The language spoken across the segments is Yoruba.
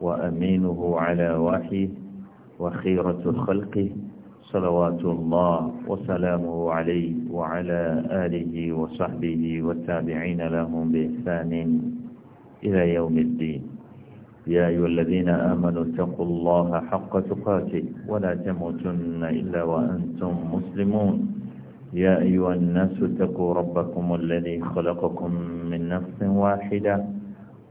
وأمينه على وحيه وخيرة خلقه صلوات الله وسلامه عليه وعلى آله وصحبه والتابعين لهم بإحسان إلى يوم الدين يا أيها الذين آمنوا اتقوا الله حق تقاته ولا تموتن إلا وأنتم مسلمون يا أيها الناس اتقوا ربكم الذي خلقكم من نفس واحدة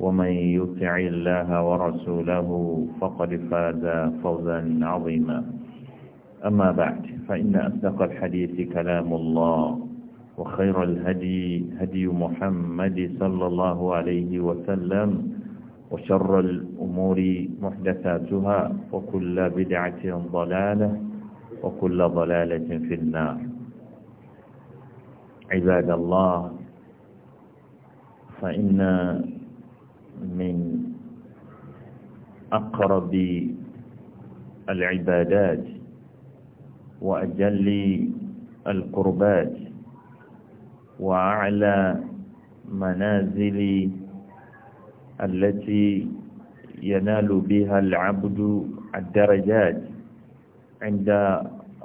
ومن يطع الله ورسوله فقد فاز فوزا عظيما أما بعد فإن أصدق الحديث كلام الله وخير الهدي هدي محمد صلى الله عليه وسلم وشر الأمور محدثاتها وكل بدعة ضلالة وكل ضلالة في النار عباد الله فإن من أقرب العبادات وأجل القربات وأعلى منازل التي ينال بها العبد الدرجات عند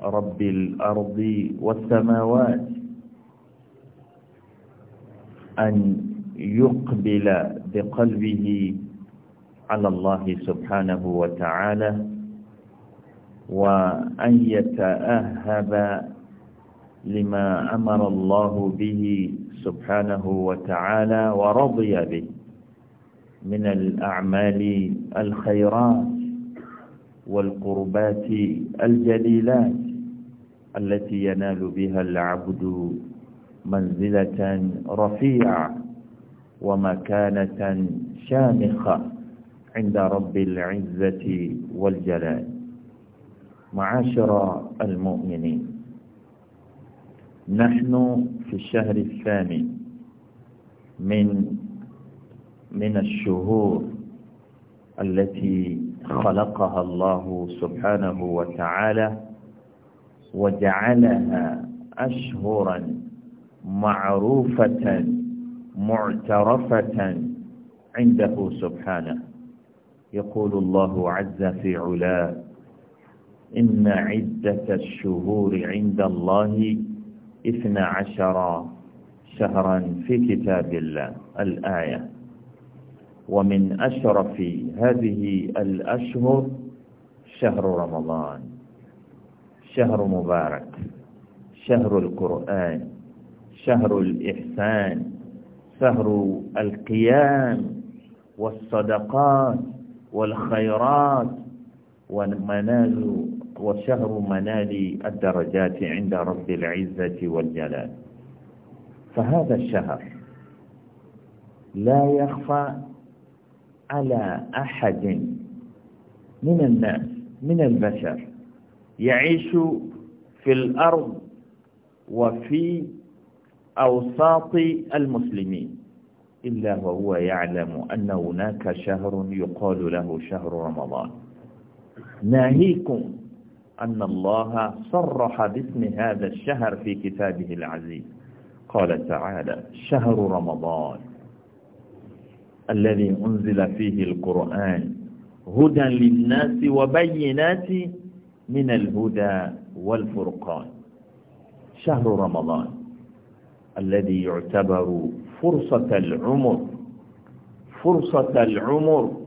رب الأرض والسماوات أن يقبل بقلبه على الله سبحانه وتعالى وأن يتأهب لما أمر الله به سبحانه وتعالى ورضي به من الأعمال الخيرات والقربات الجليلات التي ينال بها العبد منزلة رفيعة ومكانة شامخة عند رب العزة والجلال معاشر المؤمنين نحن في الشهر الثاني من من الشهور التي خلقها الله سبحانه وتعالى وجعلها أشهرا معروفة معترفة عنده سبحانه يقول الله عز في علاه إن عدة الشهور عند الله إثنى عشر شهرا في كتاب الله الآية ومن أشرف هذه الأشهر شهر رمضان شهر مبارك شهر القرآن شهر الإحسان شهر القيام والصدقات والخيرات ومنال وشهر منال الدرجات عند رب العزة والجلال فهذا الشهر لا يخفى على أحد من الناس من البشر يعيش في الأرض وفي أوساط المسلمين إلا وهو يعلم أن هناك شهر يقال له شهر رمضان ناهيكم أن الله صرح باسم هذا الشهر في كتابه العزيز قال تعالى شهر رمضان الذي أنزل فيه القرآن هدى للناس وبينات من الهدى والفرقان شهر رمضان الذي يعتبر فرصة العمر فرصة العمر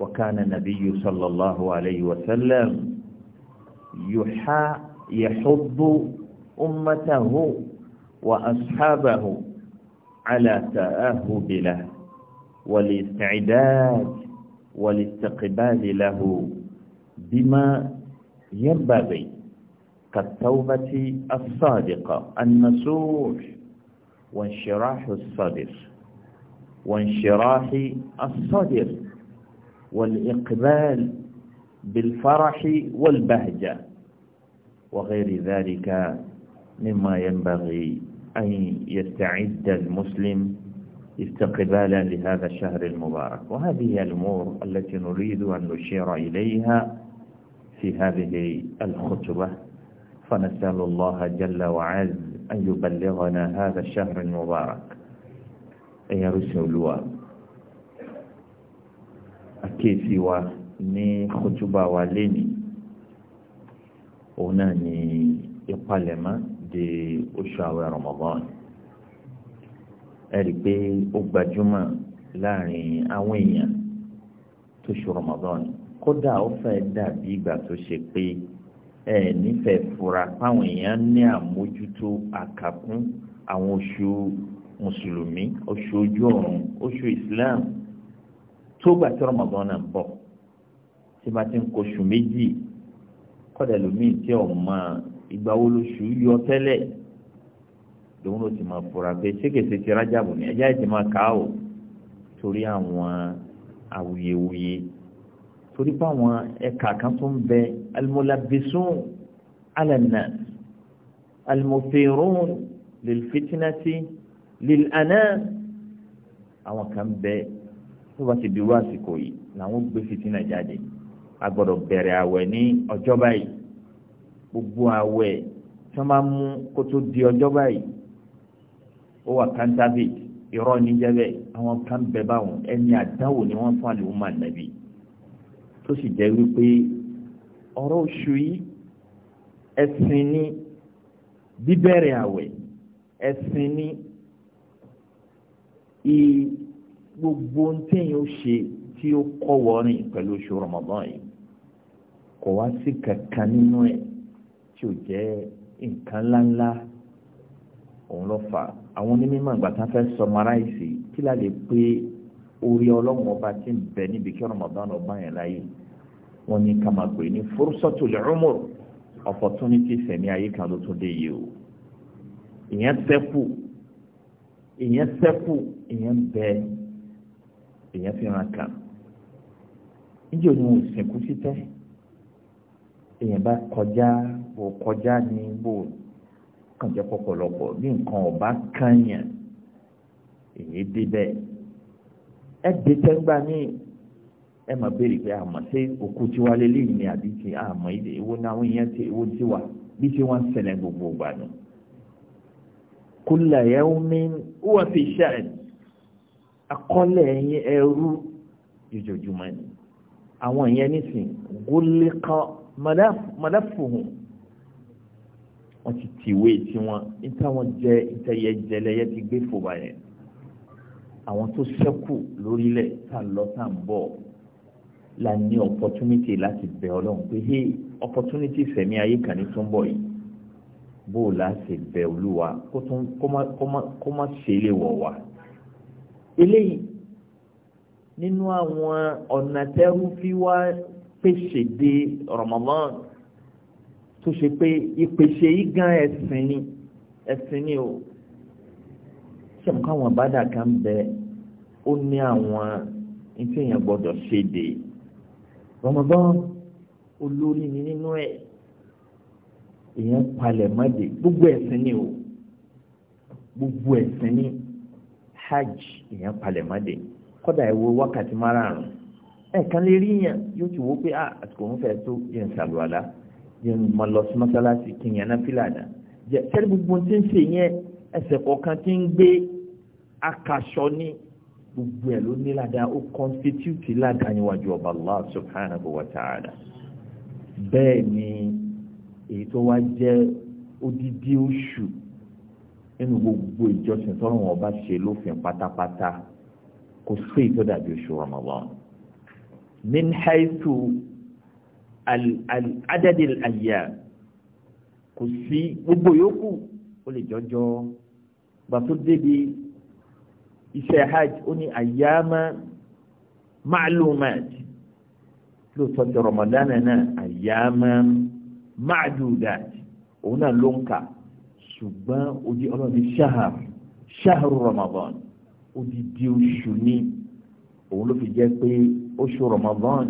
وكان النبي صلى الله عليه وسلم يحا يحض أمته وأصحابه على تأهب له والاستعداد والاستقبال له بما ينبغي كالتوبة الصادقة النسوح وانشراح الصدر وانشراح الصدر والإقبال بالفرح والبهجة وغير ذلك مما ينبغي أن يستعد المسلم استقبالا لهذا الشهر المبارك وهذه الأمور التي نريد أن نشير إليها في هذه الخطبة فنسأل الله جل وعز أن يبلغنا هذا الشهر المبارك يا رسول الله أكيسي ní kótóbá wa léni òun náà ní ìpalẹ̀mọ́ de oṣù àwẹ̀ Ramadan ẹ rí i pé ó gbajúmọ̀ láàrin àwọn èèyàn tó ṣe Ramadan kódà ó fẹ́ dàbí ìgbà tó ṣe pé ẹ nífẹ̀ẹ́ fura fáwọn èèyàn ní àmójútó àkàkún àwọn oṣù mùsùlùmí oṣù ojú ọ̀run oṣù islam tó gbà tí Ramadan náà bọ̀ tí bá ti ń koṣù méjì kọ́dà lómìn tí ò ìgbà wo lóṣù yọ tẹ́lẹ̀ lòun ló ti máa fura pé ṣékèṣe ti rájàbù ni ẹjá ìtì máa kà á o torí àwọn awuyewuye torí pé àwọn ẹ̀ka kan tó ń bẹ الملبسون على الناس المثيرون للفتنة للأنام àwọn kan bẹ́ẹ̀ tó bá ti di wá àsìkò yìí làwọn gbé fitinà jáde a gbọ́dọ̀ bẹ̀rẹ̀ àwẹ̀ ní ọjọ́ báyìí gbogbo àwẹ̀ tí wọ́n bá mú kó tó di ọjọ́ báyìí ó wà kántábì irọ́ níjẹ́bẹ̀ àwọn kan bẹ̀ báwọn ẹni àdánwò ni wọ́n fún àlùmọ́ ànábì tó sì jẹ́ wípé ọ̀rọ̀ oṣù yìí ẹ̀sìn ni bíbẹ̀rẹ̀ àwẹ̀ ẹ̀sìn ni i gbogbo ntẹ̀yìn ó ṣe tí ó kọ́ wọ́rin pẹ̀lú oṣù Ramadan yìí kò wá sí kankan nínú ẹ̀ tí ò jẹ́ nǹkan ńláńlá òun ló fà àwọn onímọ̀ ìgbà tá a fẹ́ kí láà lè pé orí ọlọ́run ọba ti ń bẹ níbi kí Ramadan ọba yẹn láyé wọ́n ní ká máa pè ní fursatul umur opportunity sẹ̀mí ayé kan ló tún dé yìí o ìyẹn sẹ́kù ìyẹn sẹ́kù ìyẹn bẹ ìyẹn fìràn kan níjẹ́ òní wọn sìnkú títẹ́ èèyàn bá kọjá bò kọjá ní bò kànjẹ́ pọ̀pọ̀lọpọ̀ bí nǹkan ọ̀bá kànyàn èyí débẹ̀ ẹ̀ dé tẹ́gbà míì ẹ máa béèrè pé àmọ́ ṣé òkú tiwa lélẹ́yìn ni àbí ti àmọ́ ìdè èwo ni àwọn èèyàn ti èwo ti wà bí ṣe wọ́n ń ṣẹlẹ̀ gbogbo ìgbà nù. kulla yawmin huwa fi sha'n akọ́lẹ̀ ẹ̀yìn ẹrú jòjòjúmọ́ ni àwọn èèyàn nísìn gólíkà mọ́láfùhùn wọ́n ti tìwé tiwọn níta wọn jẹ ìtẹ̀yẹ jẹlẹyẹ ti gbé fòbà yẹn àwọn tó ṣẹ́kù lórílẹ̀ tá a lọ tá a ń bọ̀ la ní opportunity láti bẹ ọlọ́run pé hey opportunity fẹ̀mí ayé kan ní tó ń bọ̀ yìí bó o láti bẹ olúwa kó má ṣe é lè wọ̀ wá eléyìí nínú àwọn ọ̀nà tẹ́rù fi wá pèsè de Ramadan tó ṣe pé ìpèsè yìí gan ẹ̀sìn ni ẹ̀sìn ni o ṣe mú káwọn àbádà kan bẹ ó ní àwọn ní gbọ́dọ̀ ṣe dè Ramadan olórí ni nínú ẹ̀ èèyàn palẹ̀ mọ́dé gbogbo ẹ̀sìn ni o gbogbo ẹ̀sìn ni hajj èèyàn palẹ̀ mọ́dé kọ́dà ẹ̀ wo wákàtí márààrún ẹ̀ẹ̀kan lè rí yàn yóò ti wo pé ah, àsìkò òun fẹ́ tó yẹn ń ṣàlùwàlá yẹn mọ lọ sí mọ́sálásí kí yẹn náà fìlà dà jẹ́ sẹ́ni gbogbo tí ń ṣe yẹn ẹsẹ̀ kọ̀ọ̀kan tí ń gbé akaṣọ ni gbogbo ẹ̀ ló ní ládàá ó constitute ládàá níwájú ọba allah subhanahu wa ta'ala bẹ́ẹ̀ ni èyí tó wá jẹ́ odidi oṣù nínú gbogbo ìjọsìn tọ́rọ̀ wọn bá ṣe lófin pátápátá kò sí èyí tó dàbí oṣù ramadan min haythu al-adad kò sí gbogbo yòókù ó lè jọjọ gbàtó débi iṣẹ́ hajj ó ní àyàmá ma'lumat lóòótọ́ ti rọmọdánà náà àyàmá ma'dudat òun náà ló ń kà ṣùgbọ́n ojú ọlọ́run ṣahar ṣahar ramadan odidi oṣù ni òun ló fi jẹ́ pé oṣù ramadan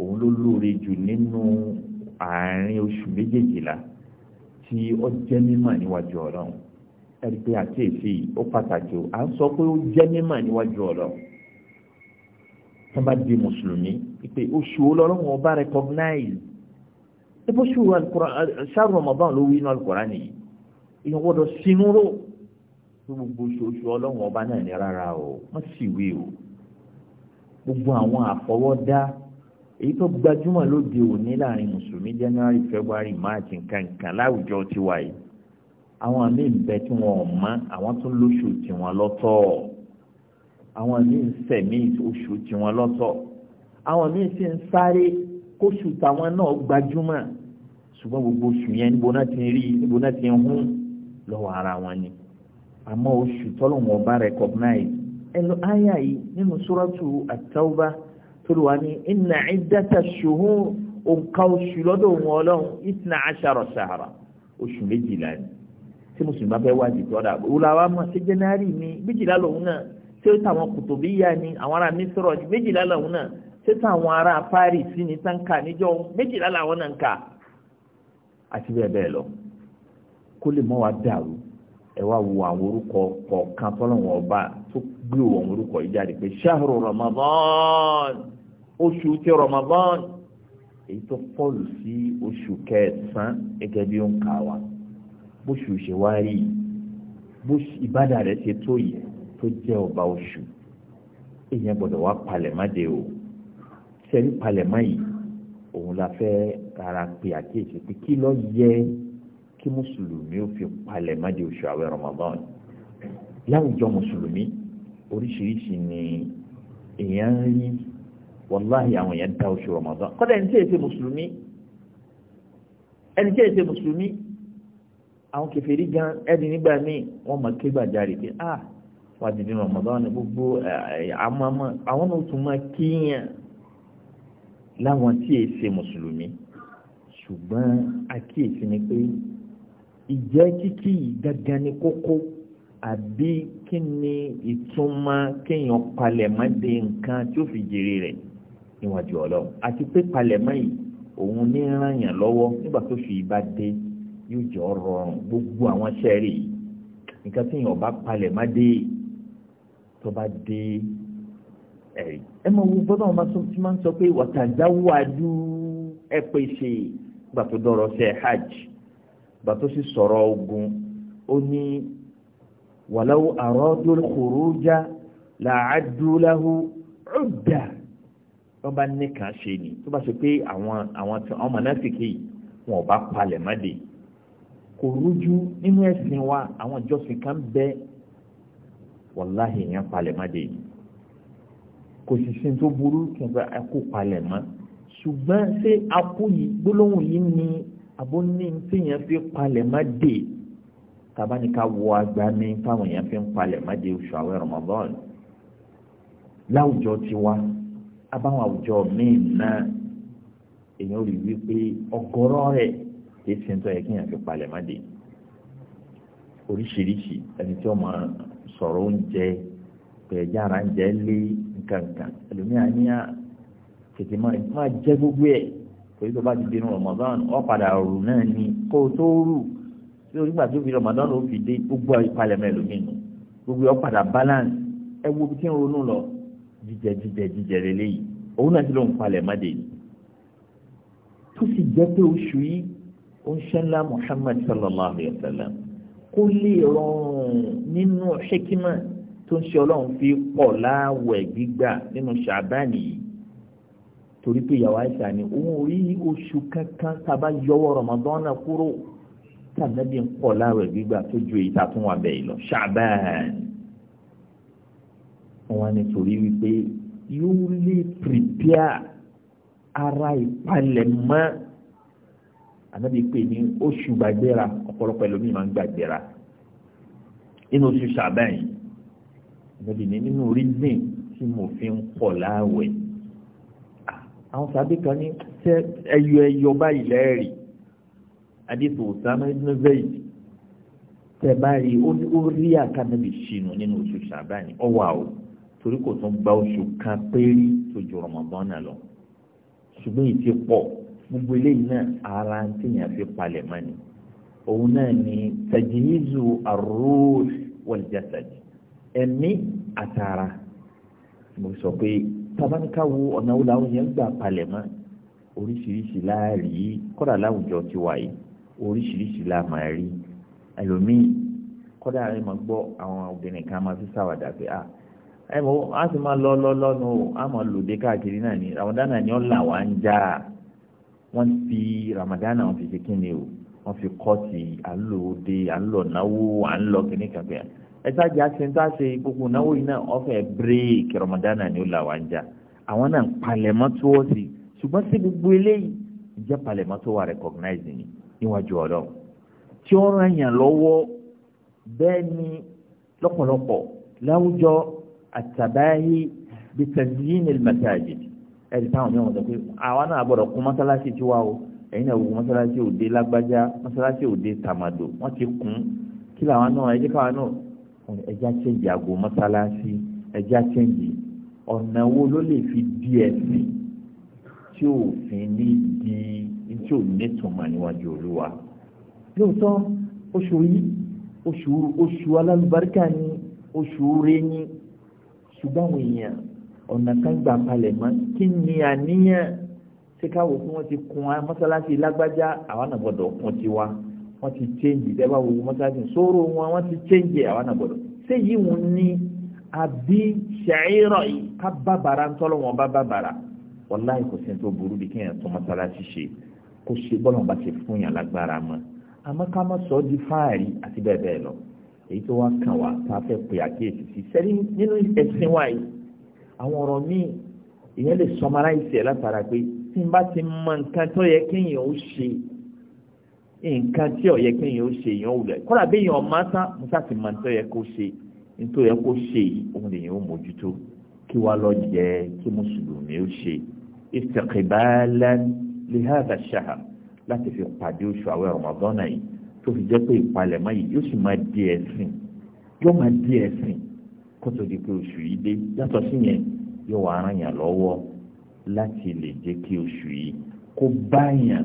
òun ló lóore jù nínú àárín oṣù méjèèjìlá tí ó mímọ̀ níwájú ọlọ́run ẹ̀rí pé àkíyèsí ó pàtàkì o à ń sọ pé ó jẹ́ mímọ̀ níwájú ọ̀lọ́ tó bá di mùsùlùmí pé oṣù ọlọ́run ọba recognize ebi oṣù ṣáà Ramadan ló wí inú Al-Qur'an nìyí èèyàn gbọ́dọ̀ sinú rò gbogbo oṣooṣù ọlọ́run ọba náà ní rárá o wọ́n sì wí o gbogbo àwọn àfọwọ́dá èyí tó gbajúmọ̀ lóde òní láàrin mùsùlùmí January February March nǹkan nǹkan láwùjọ tiwa yìí àwọn míì bẹ tí wọn ò mọ àwọn tó lóṣù tiwọn lọ́tọ̀ àwọn míì ń sẹmí oṣù tiwọn lọ́tọ̀ àwọn míì sì ń sáré kóṣù táwọn náà gbajúmọ̀ ṣùgbọ́n gbogbo oṣù yẹn níbo náà ti rí níbo náà ti ń hún lọ́wọ́ ara wọn ni àmọ́ oṣù tọ́lọ̀ wọn recognize ẹnu àyà yìí nínú suratu at-Tawbah tolúwa ní inna iddata shuhur òǹkà oṣù lọ́dọ̀ wọn ọlọ́run ìtìnà àṣàrọ̀ oṣù méjìlá ni tí mùsùlùmí bá fẹ́ wádìí tọ́da òwúlà wa mọ̀ ṣe jẹ́nárì ni méjìlá lòun náà ṣé táwọn kùtùbíyà ni àwọn ará mísírọ̀ ni méjìlá lòun náà ṣé táwọn ará Paris ni táǹkà níjọ́ méjìlá làwọn náà ń kà àti bẹ́ẹ̀ bẹ́ẹ̀ lọ kó lè mọ́ wa dàrú ẹ wá wo àwọn orúkọ kọ̀ọ̀kan tọ́lọ́wọ́n ọba tó gbé àwọn orúkọ yìí jáde pé ṣáàrù Ramadan oṣù ti Ramadan èyí tó fọ́ọ̀lù sí oṣù kẹsàn-án gẹ́gẹ́ bí ó ń kà wá bóṣù ṣe wá rí bóṣù ìbádà rẹ̀ ṣe tó yẹ tó jẹ́ ọba oṣù èèyàn gbọ́dọ̀ wá palẹ̀máde o sẹ́rí palẹ̀má yìí òun la fẹ́ rárá pé àkíyèsí pé kí ló yẹ kí mùsùlùmí ó fi palẹ̀máde oṣù àwẹ̀ Ramadan láwùjọ mùsùlùmí oríṣiríṣi ni èèyàn ń rí wàláhì àwọn èèyàn dá oṣù Ramadan kọ́dà ẹni tí èsè mùsùlùmí ẹni tí èsè mùsùlùmí àwọn kẹfẹ́rí gan ẹni nígbà míì wọ́n máa ké gbàjarè pé ah wà á ti di Ramadan ní gbogbo àmọ́mọ́ àwọn náà tún máa kíyàn láwọn tí èyí ṣe mùsùlùmí ṣùgbọ́n àkíyèsí ni pé ìjẹ́ kíkí gangan ni kókó àbí kí ni ìtumọ̀ kéèyàn palẹ̀mọ́ de nǹkan tí ó fi jèrè rẹ̀ níwájú ọlọ́run àti pé palẹ̀mọ́ yìí òun ní ràn yàn lọ́wọ́ nígbà tó fi ibà dé yóò jọ rọrùn gbogbo àwọn sẹ́ẹ̀rì nǹkan tí yìnyín ọba palẹ̀ má dé tó bá dé ẹ̀rí ẹ máa wo bọ́dọ̀ máa sọ ti máa ń sọ pé wàtàdáwádú ẹ pèsè gbà tó dọ̀rọ̀ ṣe hajj gbà tó sì sọ̀rọ̀ ogun ó ní wàláwó àrọ́dó kòrójà làádúláhù ọ̀dà wọ́n bá ní kàn ṣe ni tó bá ṣe pé àwọn àwọn tí náà sì kéyìí wọn ò bá palẹ̀ má dé kò rújú nínú ẹ̀sìn wa àwọn ìjọsìn kan bẹ wàláhì yẹn palẹ̀mọ́dé yìí kò sì sin tó burú kẹfẹ́ akó palẹ̀mọ́ ṣùgbọ́n ṣé akó yìí gbólóhùn yìí ni àbó ní tí yẹn fi palẹ̀mọ́ dé tabanika wọ agba ní táwọn yẹn fi ń palẹ̀mọ́ dé oṣù àwẹ̀ Ramadan láwùjọ tiwa abáwọn àwùjọ míì náà èèyàn rí wípé ọ̀gọ̀rọ̀ rẹ̀ kì í ṣe ń tọ́ yẹ kí èèyàn fi palẹ̀ má dé oríṣiríṣi ẹni tí wọ́n máa sọ̀rọ̀ oúnjẹ pẹ̀já ara ń jẹ́ lé nkankan ẹlòmíà ní à ah, tètè máa jẹ́ gbogbo ẹ̀ torí tó bá ti di inú Ramadan ọ̀ padà rù náà ni kó o tó rù tí onígbà tó fi Ramadan ló fi dé gbogbo ìpalẹ̀mọ́ ẹlòmíì nù gbogbo ọ̀ padà balance ẹ wo bí kí n ronú lọ jíjẹ jíjẹ jíjẹ lélẹ́yìí òun náà ti lóun palẹ̀ má dé tó sì jẹ́ pé oṣù yìí oṣanla muhammad sallallahu alayhi wa sallam kó lè rọrùn nínú ṣẹ́kímà tó ń ṣe ọlọ́run fi pọ̀ láwẹ̀ gbígbà nínú ṣàbánì yìí torí pé ìyàwó àìsàn ni òun ò rí oṣù kankan tábà yọwọ́ ramadan náà kúrò tàbí ń pọ̀ láwẹ̀ gbígbà tó ju èyí tá a tún wà bẹ́ẹ̀ lọ ṣàbánì wọn ni torí wípé yóò lè pìrìpìà ara ìpalẹ̀mọ́ ànábi pè ní oṣù gbàgbéra ọ̀pọ̀lọpọ̀ ẹlòmíì máa ń gbàgbéra nínú oṣù ṣàbẹ́n yìí ànábi ní nínú rízìn tí mo fi ń pọ̀ láàwẹ̀ àwọn sàbí kan ní tẹ ẹyọ ẹyọ báyìí lẹ́ẹ̀rì adéfò Usama ibn Zayd tẹ báyìí ó rí àkànnàbì ṣìnù nínú oṣù ṣàbẹ́n ọwọ́ o torí kò tún gba oṣù kan péré tó ju Ramadan náà lọ ṣùgbọ́n ìtì pọ̀ gbogbo eléyìí náà ara ń tẹ̀yàn fi palẹ̀ mọ́ ni òun náà ni tajhizu ar-ruh wal-jasad ẹ̀mí àtàrà mo sọ pé tabaníkà wo ọ̀nà wo làwọn yẹn gbà palẹ̀ mọ́ oríṣiríṣi láàrí kọ́dà láwùjọ ti wà yìí oríṣiríṣi la máa rí ẹlòmíì kọ́dà rẹ̀ máa gbọ́ àwọn obìnrin kan máa fi ṣàwàdà pé à ah, ẹ mọ̀ á sì máa lọ lọ lọ́nu á máa lòdì káàkiri náà ni àwọn dáná ni ó là ń já a wọ́n fi Ramadan wọ́n fi ṣe kí ni o wọ́n fi kọ́ ti à ń lò de à ń lọ náwó à ń lọ kíní kan fẹ́ ẹ sáàjì àti ń tàṣe gbogbo náwó yìí náà ọ̀fẹ́ bírèkì Ramadan ni ó là wá ń jà àwọn náà ń palẹ̀mọ́ tó wọ́n sí ṣùgbọ́n sí gbogbo eléyìí ìjẹ́ palẹ̀mọ́ tó wà recognize ni níwájú ọlọ́run tí ó ràn yàn lọ́wọ́ bẹ́ẹ̀ ni lọ́pọ̀lọpọ̀ láwùjọ àtàbáyé bìtẹ̀síyìn masajid ẹ̀rí táwọn mẹ́wọ̀n sọ pé àwa náà gbọ́dọ̀ kún mọ́sálásí tí wá o ẹ̀yin náà wo mọ́sálásí òde lágbájá mọ́sálásí òde tàmàdò wọ́n ti kún kí làwọn náà ẹ̀jẹ̀ káwọn náà ẹ̀já chẹ́ǹjì àgọ́ mọ́sálásí ẹ̀já chẹ́ǹjì ọ̀nà wo ló lè fi di ẹ̀sìn tí òfin ní di tí ò nítumọ̀ níwájú olúwa lóòótọ́ oṣù yìí oṣù oṣù alálùbáríkà ni oṣù rẹ̀ ni ṣùgbọ́n àwọn èèyàn ọ̀nà kan gbà palẹ̀ mọ́ kí ni àníyàn ṣé káwọ fún wọn ti kun mọ́sálásí lágbájá àwọn náà gbọ́dọ̀ kun tiwa wọ́n ti change dẹ́gbà wo mọ́sálásí sóró wọn wọ́n ti change àwọn náà gbọ́dọ̀ ṣé yìí wọn ní àbí ṣàìrọ̀ yìí ká bàbàrà ń tọ́lọ́ wọn bá bàbàrà wàláì kò sí tó burú bí kéèyàn tó mọ́sálásí ṣe kó ṣe bọ́lọ̀ bá ṣe fún yàn lágbára mọ́ àmọ́ ká má sọ di fáàrí àti bẹ́ẹ̀ bẹ́ẹ̀ lọ èyí tó wá kàn wá tá a fẹ́ pè àkíyèsí sí sẹ́ni nínú ẹ̀sìn wáyé àwọn ọ̀rọ̀ míì èèyàn lè sọmara ìṣẹ̀ látara pé tí n bá ti mọ nǹkan tó yẹ kéèyàn ó ṣe nǹkan tí ó yẹ kéèyàn ó ṣe èèyàn ò lẹ̀ kọ́ra bí èèyàn máa tán mo sá ti mọ nǹkan tó yẹ kó ṣe nǹkan tó yẹ kó ṣe yìí òun lèèyàn ó mójútó kí wàá lọ jẹ kí mùsùlùmí ó ṣe istiqbalan li láti fi pàdé oṣù àwẹ̀ Ramadan yìí tó fi jẹ́ pé ìpalẹ̀mọ́ yìí yóò sì máa di ẹ̀sìn yóò máa di ẹ̀sìn kó di pé oṣù yìí dé yàtọ̀ sí yẹn yóò wá ara yàn lọ́wọ́ láti lè jẹ́ kí oṣù yìí kó báyàn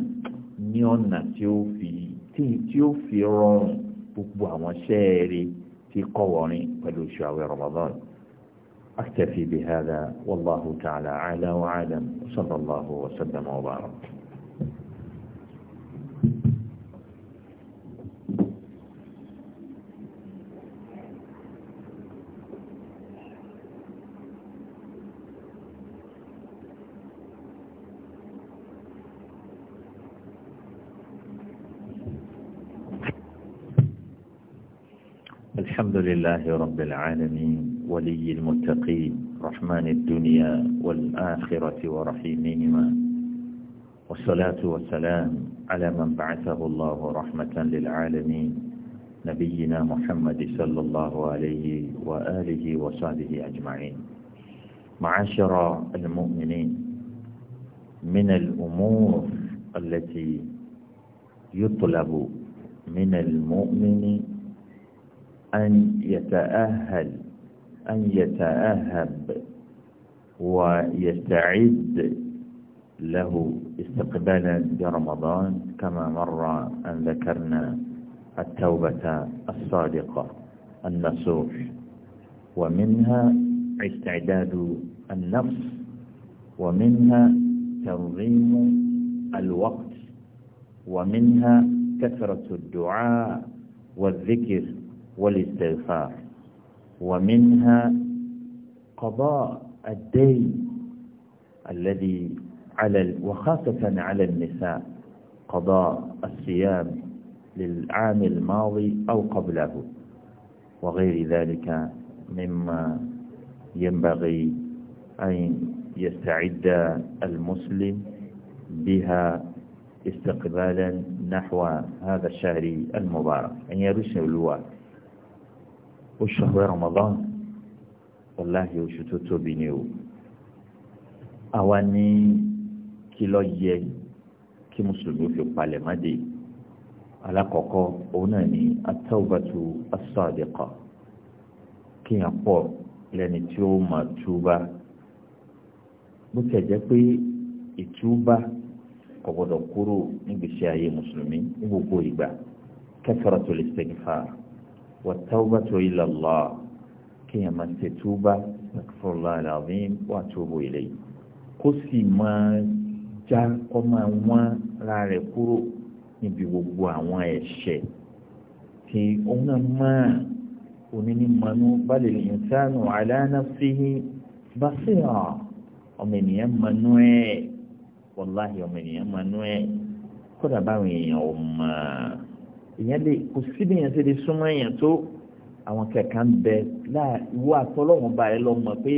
ní ọ̀nà tí ó fi tí ó fi rọrùn gbogbo àwọn sẹ́ẹ̀rì tí kọ́ wọ́rin pẹ̀lú oṣù àwẹ̀ Ramadan. أكتفي بهذا والله تعالى أعلى وأعلم صلى الله وسلم وبارك الحمد لله رب العالمين ولي المتقين رحمن الدنيا والآخرة ورحيمهما والصلاة والسلام على من بعثه الله رحمة للعالمين نبينا محمد صلى الله عليه وآله وصحبه أجمعين معاشر المؤمنين من الأمور التي يطلب من المؤمن أن يتأهل أن يتأهب ويستعد له استقبالا برمضان كما مر أن ذكرنا التوبة الصادقة النصوح ومنها استعداد النفس ومنها تنظيم الوقت ومنها كثرة الدعاء والذكر والاستغفار ومنها قضاء الدين الذي على وخاصة على النساء قضاء الصيام للعام الماضي أو قبله وغير ذلك مما ينبغي أن يستعد المسلم بها استقبالا نحو هذا الشهر المبارك أن يرسل الوقت oṣù àwẹ̀ Ramadan wàláhì oṣù tó tóbi ni o àwa ní kí ló yẹ kí mùsùlùmí fi palẹ̀ má dé alákọ̀ọ́kọ́ òun náà ni at-tawbatu as-sadiqa kéèyàn pọ̀ lẹ́ni tí ó máa túbá bó tẹ̀ jẹ́ pé ìtúbá kò kúrò nígbèsè ayé mùsùlùmí ní gbogbo ìgbà kathratul istighfar. والتوبة إلى الله كي من تتوبة أكفر الله العظيم وأتوب إليه قصي ما já ọmọ àwọn ara rẹ̀ kúrò níbi gbogbo àwọn ẹ̀ṣẹ̀ tí òun náà máa onímọ̀nú balẹ̀ ìyẹ̀ntánù aláàáfíì bá sí ọ̀ ọmọ ènìyàn mọ̀nú ẹ̀ wàláhì ọmọ ènìyàn mọ̀nú ẹ̀ kódà báwọn èèyàn ò mọ̀ ọ́ ìyẹn lè kò síbi yẹn ṣe lè súnmọ́ èèyàn tó àwọn kẹ̀kẹ́ ń bẹ láà ìwọ àtọ́lọ́wọ́n ba ẹ lọ mọ̀ pé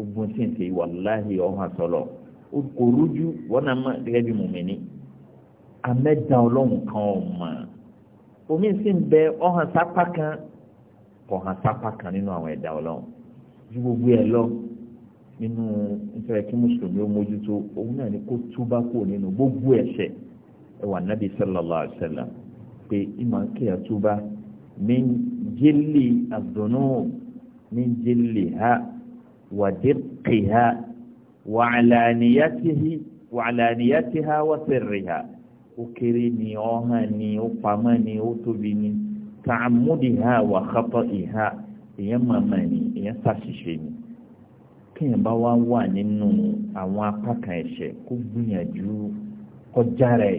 ogun tí ń ṣe wàláhì ọ̀hún àtọ́lọ́ kò rújú wọn náà má gẹ́gẹ́ bí ni amẹ́dá ọlọ́run kan ò mọ̀ omi sì ń bẹ ọ̀hún sápá kan ọ̀hún sápá kan nínú àwọn ẹ̀dá ọlọ́run ju gbogbo ẹ̀ lọ nínú nítorí kí mùsùlùmí ó mójútó òun náà ni kó túbá kúrò nínú gbogbo ẹ̀ṣẹ̀ ẹ̀wà nábì sallallahu alaihi wasallam pé ìmọ̀ kéèyàn túbá ní jẹ́lì àdùnnú ní jẹ́lì ha wàdíkì ha wàhálàníyàtì ha wàsẹ̀rì ha ó kéré ni ó hàn ni ó pamọ́ ni ó tóbi ni tààmúdì ha wà kápọ̀ ìhà èèyàn màmá ni èèyàn ṣàṣìṣe ni kéèyàn bá wá wà nínú àwọn apá kan ẹ̀ṣẹ̀ kó gbìyànjú kọjá rẹ̀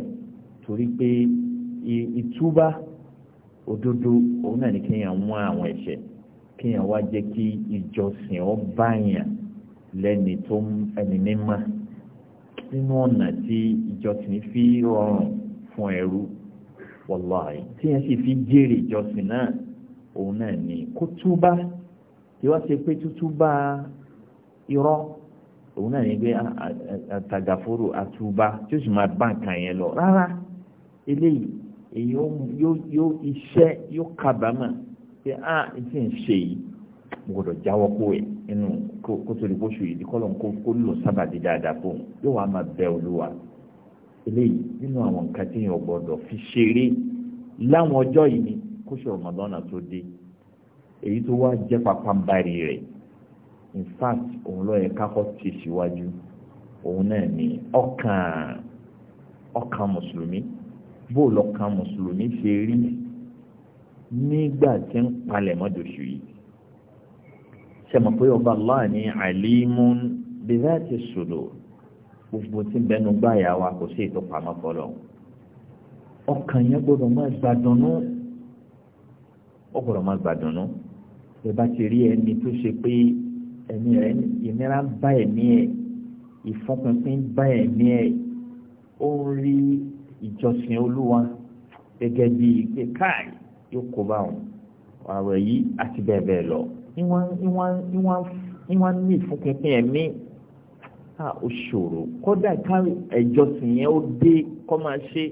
torí pé ìtúbà òdodo òun náà ni kéèyàn mú àwọn ẹ̀ṣẹ̀ kéèyàn wá jẹ́ kí ìjọsìn ọ báyàn lẹ́ni tó ẹni mímọ́ nínú ọ̀nà tí ìjọsìn fi rọrùn fún ẹrú wàláì téèyàn sì fi jèrè ìjọsìn náà òun náà ni kó túbá tí wọ́n ṣe pé tútúbá irọ́ òun náà ní pé àtàgàfóró àtúbá tí ó sì máa bá nǹkan yẹn lọ rárá eléyìí èyí yóò iṣẹ́ yóò kábàámà pé a ah, ti ń ṣe yìí mo gbọ́dọ̀ jáwọ́ kó ẹ̀ nínú kó torí bó ṣe yìí kọ́lọ̀ kó lò sábàdí dáadáa fún un yóò wá máa bẹ olúwa eléyìí nínú àwọn nǹkan tí yẹn gbọ́dọ̀ fi ṣeré láwọn ọjọ́ yìí ni kó ṣe ọ̀mọ̀dọ́nà tó dé èyí tó wá jẹ́ papambari rẹ̀ in fact òun lọ́ọ́ yẹ kákọ́ ti síwájú òun náà ni ọkàn ọkàn mùsùlùmí bó lọ́kàn mùsùlùmí ṣe rí nígbà tí ń palẹ̀ mọ́dọ̀ṣù yìí sẹ́mọ̀ pé ọba Allah ní alimun bi zati sudur gbogbo tí ń bẹnu gbáyà wa kò sí ètò pamọ́ fọlọ́ ọkàn yẹn gbọ́dọ̀ máa gbàdùnú ó gbọ́dọ̀ máa gbàdùnú ẹ bá ti rí ẹni tó ṣe pé ẹ̀mí rẹ̀ ìnira bá ẹ̀mí ẹ̀ ìfọkànpín bá ẹ̀mí ẹ̀ ó ń rí ìjọsìn olúwa gẹ́gẹ́ bí pé káì yóò kó bá wọn àwẹ̀ yìí àti bẹ́ẹ̀ bẹ́ẹ̀ lọ ìwọ̀n ní ìfúnkẹ́kẹ́ ẹ̀mí à ó ṣòro kódà ká ìjọsìn yẹn ó dé kọ́ máa ṣe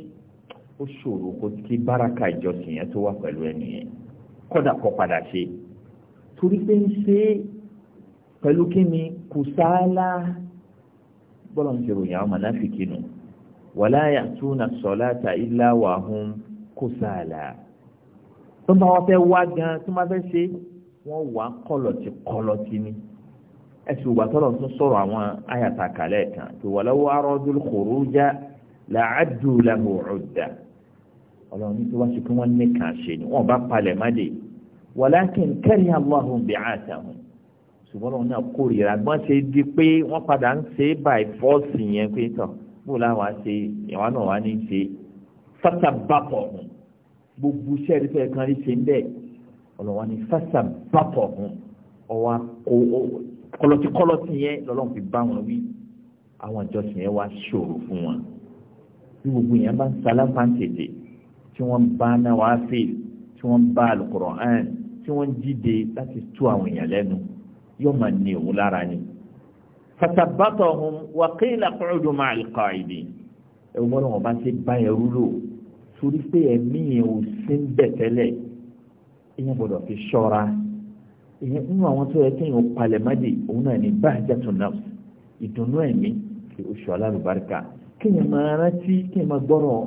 ó ṣòro kó kí báraka ìjọsìn yẹn tó wà pẹ̀lú ẹni yẹn kódà kọ́ padà ṣe torí pé ń ṣe pẹ̀lú kí ni kùsàálà bọ́lá ń ṣe ròyìn àwọn mọ̀nàfíkì nù wala ya'tuna as-salata illa wa hum kusala tó bá wọn fẹ́ wá gan tó máa fẹ́ ṣe wọ́n wá kọlọ̀tì kọlọ̀tì ni ẹ̀sùn ìgbà tọ́lọ̀ tún sọ̀rọ̀ àwọn àyàtà kàlẹ́ kan tó wà lọ́wọ́ arọ́dún kòrójà làádùú làwọn ọ̀dà ọlọ́run ní tí wọ́n ṣe kí wọ́n ní kàn ṣe ni wọ́n bá palẹ̀ má dé walakin kariha Allahu bi'atahum ṣùgbọ́n wọn náà kórìíra gbọ́n ṣe di pé wọ́n padà ń ṣe é báyìí fọ́ọ̀sì yẹn pé tán bó láwọn á ṣe ìwà náà wà ní ṣe fásitì bàpọ̀ ọ̀hún gbogbo iṣẹ́ ẹ̀rí fẹ́ẹ́ kan rí ṣe ń bẹ́ẹ̀ ọlọ́wọ́n ni fásitì bàpọ̀ ọ̀hún ọwọ́ kọlọtíkọlọtí yẹn lọ́lọ́run fi bá wọn wí àwọn ìjọsìn yẹn wá ṣòro fún wọn bí gbogbo yẹn bá ń sálápá tètè tí wọ́n bá náà wá fè tí wọ́n bá Al-Qur'an tí wọ́n jíde láti tú àwọn èèyàn lẹ́nu yóò máa ní òun lára ni fatabatahum wa qila qu'udu ma'al qa'idin ẹ̀wọ́n mọ́nà wọn bá ti bá ẹrú lò torí pé ẹ̀mí yẹn ò sí ń bẹ̀ tẹ́lẹ̀ ìyẹn gbọ́dọ̀ fi ṣọ́ra ìyẹn nínú àwọn tó yẹ kéèyàn palẹ̀mọ́dì òun náà ní bahjatun nafs ìdùnnú ẹ̀mí kí oṣù alárùbáríkà kéèyàn máa rántí kéèyàn máa gbọ́rọ̀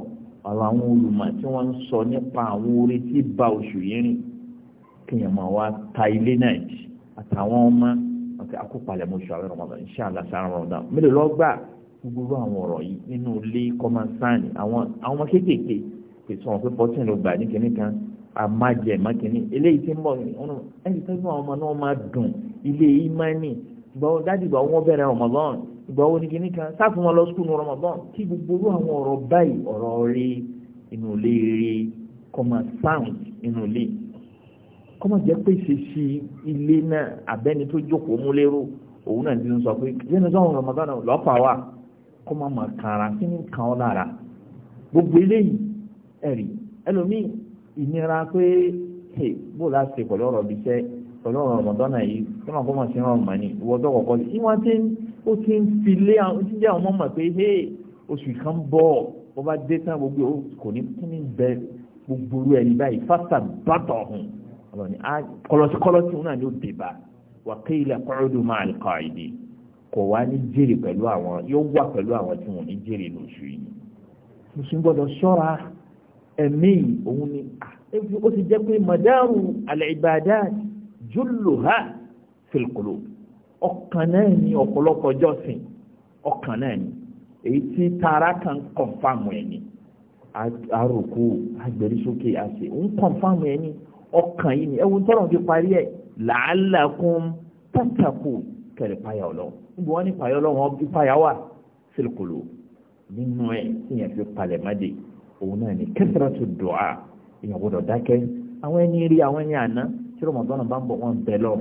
àwọn olùmọ̀ tí wọ́n ń sọ nípa àwọn orí tí ba oṣù yẹn rìn kéèyàn máa wá ta ilé náà jì àtàwọn ọmọ wọn ti akópalẹ̀ mọ́ ṣàwẹ́ Ramadan inṣàlá sáà Ramadan mélòó lọ́ gbà gbogbo àwọn ọ̀rọ̀ yìí nínú ilé common sign àwọn àwọn ọmọ kéékèèké ètò àwọn pé fourteen ló gbà ní kínní kan àmájẹ mákínní eléyìí tí ń bọ̀ ọ̀nà ẹni tó gbọ́ ọmọ náà máa dùn ilé ìmánì ìgbà wo dáàdì ìgbà wo wọ́n bẹ̀rẹ̀ Ramadan ìgbà wo ní kínní kan sáfún wọn lọ sukùl ní Ramadan kí gbogbo àwọn ọ̀rọ̀ báyìí ọ̀rọ̀ rí inú ilé rí common inú ilé kọ́mọ̀ jẹ́ pé ṣèṣì ilé náà abẹ́ni tó jókòó mú lérò òun náà ti ń sọ pé yẹnu sọ́run Ramadan lọ́pàá wa kọ́mọ̀ mọ̀ kàrà kí ni kàn ọ́ lára gbogbo eléyìí ẹ̀rí ẹlòmíì ìnira pé hey bó la ṣe pẹ̀lú ọ̀rọ̀ bíi pẹ̀lú ọ̀rọ̀ Ramadan yìí kọ́mọ̀ kọ́mọ̀ sí ọ̀rọ̀ mọ̀ ni ìwọ tó kọ̀kọ́ sí ìwọ́n ti ó ti ń fi lé àwọn ti jẹ́ àwọn mọ̀ pé hey oṣù kan bọ̀ bó bá dé tán gbogbo kò ní kí ni bẹ gbogbo ẹni báyìí fásitì ọlọ́ni á kọlọsíkọlọsí wọn náà ló dé bá wà kéèlà kọ́ọ̀dù máa kọ́ àìdí kò wá ní jèrè pẹ̀lú àwọn yóò wà pẹ̀lú àwọn tí wọn ní jèrè lóṣù yìí mùsùlùmí gbọ́dọ̀ ṣọ́ra ẹ̀mí òun ni ó ti jẹ́ pé madaru alibada julluha fil qulub ọkàn náà ni ọ̀pọ̀lọpọ̀ jọ́sìn ọkàn náà ni èyí tí tara kan kọ̀ǹfàmù ẹ̀ ni arúkú agbẹ̀rísókè àṣẹ ń kọ̀ǹfàmù ẹ̀ ni ọkàn yìí ni ẹwù tọ́lọ̀ fi parí ẹ̀ làálàkùn pátákù kẹrì payà ọlọ́ níbi wọ́n ní payà ọlọ́ wọn bí payà wà sílùkùlù nínú ẹ̀ ìyẹn fi palẹ̀ má de òun náà ni kẹsàrà tó dùà ìyẹn gbọdọ̀ dákẹ́ àwọn ẹni rí àwọn ẹni àná tí rọmọdọ́nà bá ń bọ̀ wọn bẹ̀ lọ́wọ́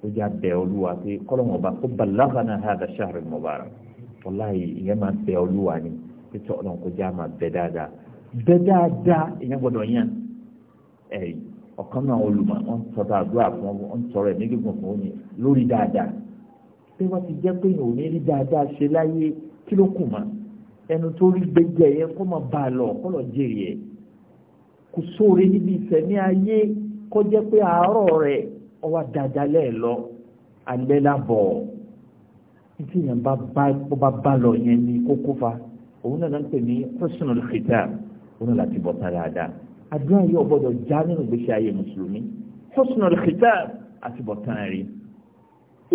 lójú abẹ olúwa pé kọlọ́mù ọba kó balagana hada shahri mubarak wàláyé ìyẹn máa bẹ olúwa ni pé tọ́ máa bẹ dáadáa bẹ dáadáa ìyẹn gbọ́dọ̀ yàn ẹ̀yìn ọ̀kan náà olùmọ̀ wọ́n tọrọ àdúrà fún ọ wọ́n tọrọ ẹ̀mí gígùn fún òní lórí dáadáa pé wọ́n ti jẹ́ pé òní rí dáadáa ṣe láyé kí ló kù mọ́ ẹnu tó rí gbẹjẹ yẹn kó mọ̀ bá a lọ kó lọ jèrè ẹ̀ kò sóore níbi ìfẹ̀mí ayé kó jẹ́ pé àárọ̀ rẹ̀ ọwọ́ dáadáa lẹ́ẹ̀ lọ alẹ́ lábọ̀ títí yẹn bá bá bá lọ yẹn ní kókó fa òun náà ń pè ní personal fitter òun náà láti bọ̀ àdúrà yóò gbọ́dọ̀ já nínú ìgbésí ayé mùsùlùmí husnul khitab àti bọ̀tán rí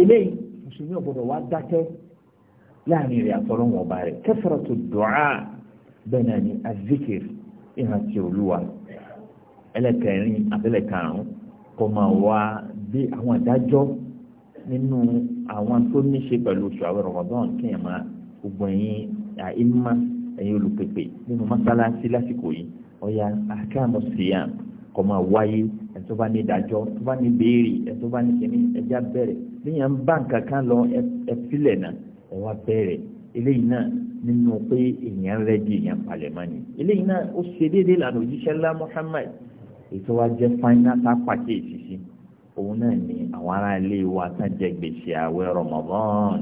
eléyìí mùsùlùmí ò gbọ́dọ̀ wá dákẹ́ láàrin rẹ̀ àtọ́lọ́wọ̀n ọba rẹ̀ kathratu du'a bẹ́ẹ̀ náà ni azikir ìrántí olúwa ẹlẹ́kẹrin àbẹ́lẹ́karùn-ún kó máa wá bí àwọn àdájọ́ nínú àwọn tó ní ṣe pẹ̀lú oṣù àwọn Ramadan kéèyàn máa gbogbo ẹ̀yin àìmọ́ ẹ̀yin olùpèpè nínú mọ́sálásí lásìkò yìí ọ̀yà àkàmù síyàm kọ́ máa wáyé ẹ̀ tó bá ní ìdájọ́ tó bá ní béèrè ẹ̀ tó bá ní kíní ẹja bẹ̀rẹ̀ lẹ́yìn ń bá nǹkan kan lọ ẹ filẹ̀ náà ẹ wá bẹ̀rẹ̀ eléyìí náà nínú pé èèyàn rẹ di èèyàn palẹ̀mọ́ ni eléyìí náà ó ṣe déédéé lànà òjíṣẹ́ ńlá Muhammad ètò wa jẹ́ fáínà tá a pàṣẹ ìṣiṣi òun náà ni àwọn ará ilé wa tán jẹ gbèsè àwẹ̀ Ramadan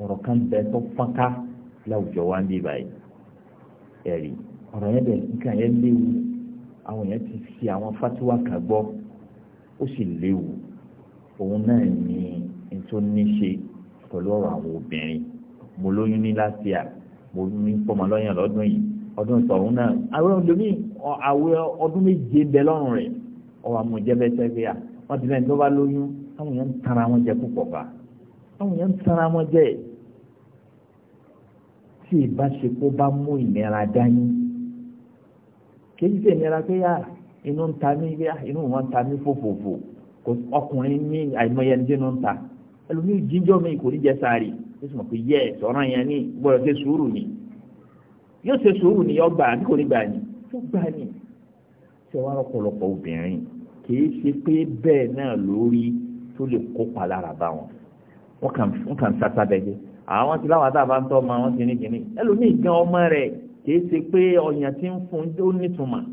ọ̀rọ̀ kan bẹ tó fọ́nká láwùjọ wa ń bí ẹ̀rí ọ̀rọ̀ yẹn bẹ̀ nǹkan yẹn léwu àwọn yẹn ti fi àwọn fatiwa kà gbọ́ ó sì léwu òun náà ní ètò níṣe pẹ̀lú ọ̀rọ̀ àwọn obìnrin mo lóyún ní láti à mo ní pọ́mọlọ́yàn lọ́dún yìí ọdún tọ̀hún náà àwọn olómi àwẹ̀ ọdún méje bẹ lọ́rùn rẹ̀ ọwọ́ àwọn ìjẹ́bẹ́ sẹ́fẹ́ à wọ́n ti lẹ́yìn tó bá lóyún àwọn yẹn ń tara wọn jẹ púpọ̀ bá àwọn yẹn ń tara wọn jẹ tí ìbáṣepọ̀ bá mú ìnira dání kéjì sí ìnira pé yá inú ń ta mí yá inú wọn ń ta mí fòfòfò ọkùnrin ní àìmọye ẹni tí inú ń ta ẹlòmíì jíjọ́ mi kò ní jẹ sáré ó sì pé yẹ sọ̀rọ̀ yẹn ní gbọ́dọ̀ ṣe sùúrù ni yóò ṣe sùúrù ni ọgbà àbí kò ní gbà ní tó gbà ní. ṣé wàá rọpòlọpọ̀ obìnrin kì í ṣe pé bẹ́ẹ̀ náà lórí tó lè kópa lára bá wọn wọ́n kàn sásábẹ́jẹ́ àwọn ti láwọn àtàwọn bá ń tọ́ ọmọ wọn ti ní kìnnì ẹlòmíì gan ọmọ rẹ̀ kìí ṣe pé ọ̀yàn tí ń fún ó nítumọ̀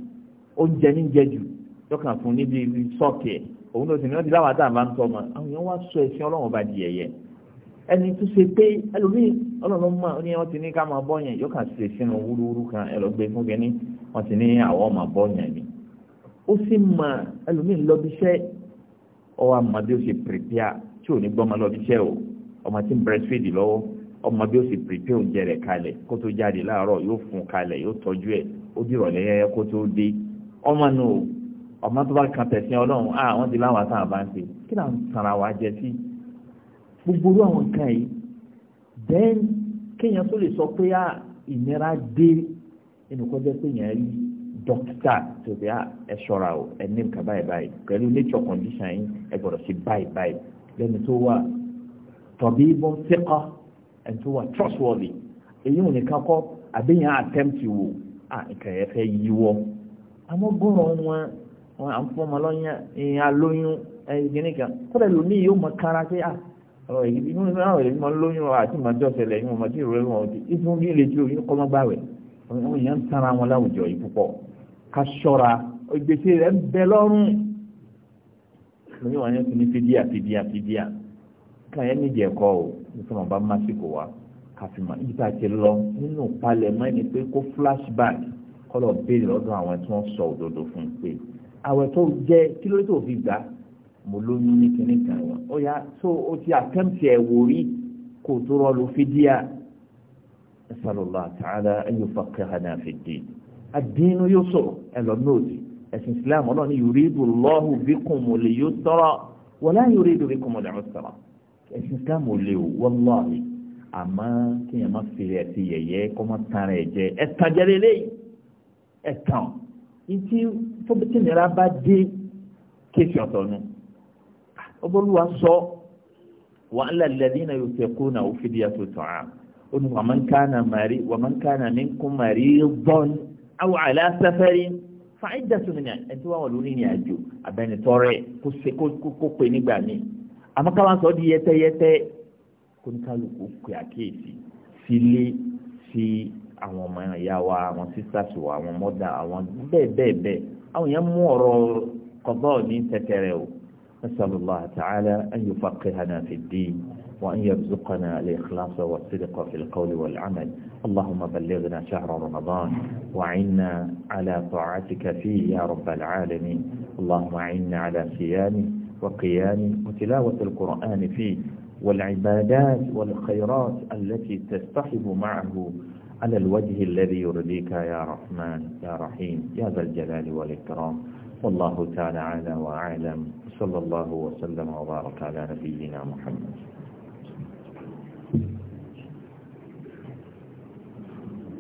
oúnjẹ ní jẹjù lọ́kàn fún níbi sọ́ọ̀kì ẹ̀ òun ló sì ní wọ́n ti láwọn àtàwọn máa ń tọ́ ọmọ àwọn èèyàn wá sọ ẹ̀sìn ọlọ́run ọba di ẹ̀yẹ ẹni tó ṣe pé ẹlòmíì ọlọ́run mọ̀ ó ní wọ́n ti ní ká máa bọ́yàn yóò kà ṣe sínú wúrúwúrú kan ẹlọ́gbẹ́ fún kẹ́ni wọ́n ti ní àwọn máa bọ́yàn ni ó sì mọ ẹlòmíì lọ́bíṣẹ́ ọwọ́ àmọ́ bí ó ṣe pèpìà tí ò ní gbọ́mọ lọ́bíṣẹ́ o ọmọ tí ń breastfeed lọ́wọ́ ọmọ bí ó sì pèpè oúnjẹ rẹ̀ kalẹ̀ kó tó jáde láàárọ̀ yóò fún kalẹ̀ yóò tọ́jú ẹ̀ ó di ìrọ̀lẹ́ yẹyẹ kó tó dé ọmọ nù ọmọ tó bá kan tẹ̀sìn ọlọ́run à ah, wọ́n ti láwọn àtàwọn bá ń ṣe kí náà ń tara jẹ sí gbogbo orú àwọn nǹkan yìí then kéèyàn tó lè sọ pé à ah, ìnira dé nínú kọjá pé yẹn rí dókítà tó bí à ah, ẹ ṣọ́ra o ẹ ní nǹkan báyìí báyìí pẹ̀lú nature condition yìí ẹ gbọ́dọ̀ sí báyìí báyìí lẹ́nu tó wà tọ̀bí bọ́n fẹ́kọ̀ọ́. And to what trustworthy èyí wọn nìkan abe àbíyàn attempt wò à ìkẹyẹ fẹ́ yí wọ́ àmọ́ gbọ́rọ̀ wọn wọn à ń fún ọmọ lọ́yìn ìyẹn alóyún ẹ̀yìn kìnnìkan kọ́dà lómi yóò mọ kára pé à ọ̀rọ̀ èyí bí wọ́n náà èyí máa ń lóyún àti máa jọ́sẹ̀ lẹ́yìn wọn àti ìrọ̀lẹ́ wọn ti ìfún bí ilé tí oyún kọ́ mọ́ gbà wẹ̀ àwọn èèyàn ń tara wọn láwùjọ yìí púpọ̀ ká ṣọ́ra ìgbésẹ̀ rẹ̀ ń bẹ lọ́rùn lóyún wọn yẹn ti ní fìdíà fìdíà fìdíà nǹkan yẹn nídìí ẹ̀kọ́ o nítorí wọn bá má sí kò wá káfí mọ ibi tá a ti lọ nínú palẹ̀mọ́ ẹni pé kó flashback kọ́lọ̀ béèrè lọ́dọ̀ àwọn tí wọ́n sọ òdodo fún un pé àwẹ̀ tó jẹ́ kí ló tó fi gbà mo lóyún ní kinní kan wọn ó yá tó o ti attempt ẹ̀ wò rí kó o tó rọ́ọ̀lù fídíà sallallahu ta'ala an yufaqqihana fi ddin ad-dinu yusr ẹ lọ nóòtì ẹ̀sìn Islam ọlọ́run yuridu Allahu bikumul yusra wala yuridu bikumul usra ẹ̀sìn islam ò lè wallahi àmọ́ kéèyàn má fi ẹ̀sìn yẹ̀yẹ́ kọ́ má tan rẹ̀ jẹ ẹ̀tàn jẹ lélẹ́yìí ẹ̀tàn ìtí fọ́bítìnira bá dé kéèsì ọ̀tọ̀ nu ọbọ̀lúwa sọ wàhálà lẹ́dínà yóò fẹ́ kó náà ó fi di tọ̀ á ó ní wàmán kánà màrí wàmán bọ́n àwọn àlá sáfẹ́rì fàáyídà tó nìyà ẹni wà lórí ìrìn àjò abẹnitọ́rẹ́ kó pè nígbà míì àmọ́ káwọn sọ di yẹtẹyẹtẹ kó ní kálukú pè àkíyèsí sílé sí àwọn ọmọ ìyá wa àwọn sisters wa àwọn mọ́dà àwọn bẹ́ẹ̀ bẹ́ẹ̀ bẹ́ẹ̀ àwọn yẹn mú ọ̀rọ̀ kọ̀bọ́ ní tẹ́tẹ́rẹ́ o nasalullah ta'ala an yufaqihana fi ddin وأن يرزقنا الإخلاص والصدق في القول والعمل اللهم بلغنا شهر رمضان وعنا على طاعتك فيه يا رب العالمين اللهم عنا على صيامه وقيام وتلاوة القرآن فيه والعبادات والخيرات التي تصطحب معه على الوجه الذي يرضيك يا رحمن يا رحيم يا ذا الجلال والإكرام والله تعالى على وعلم صلى الله وسلم وبارك على نبينا محمد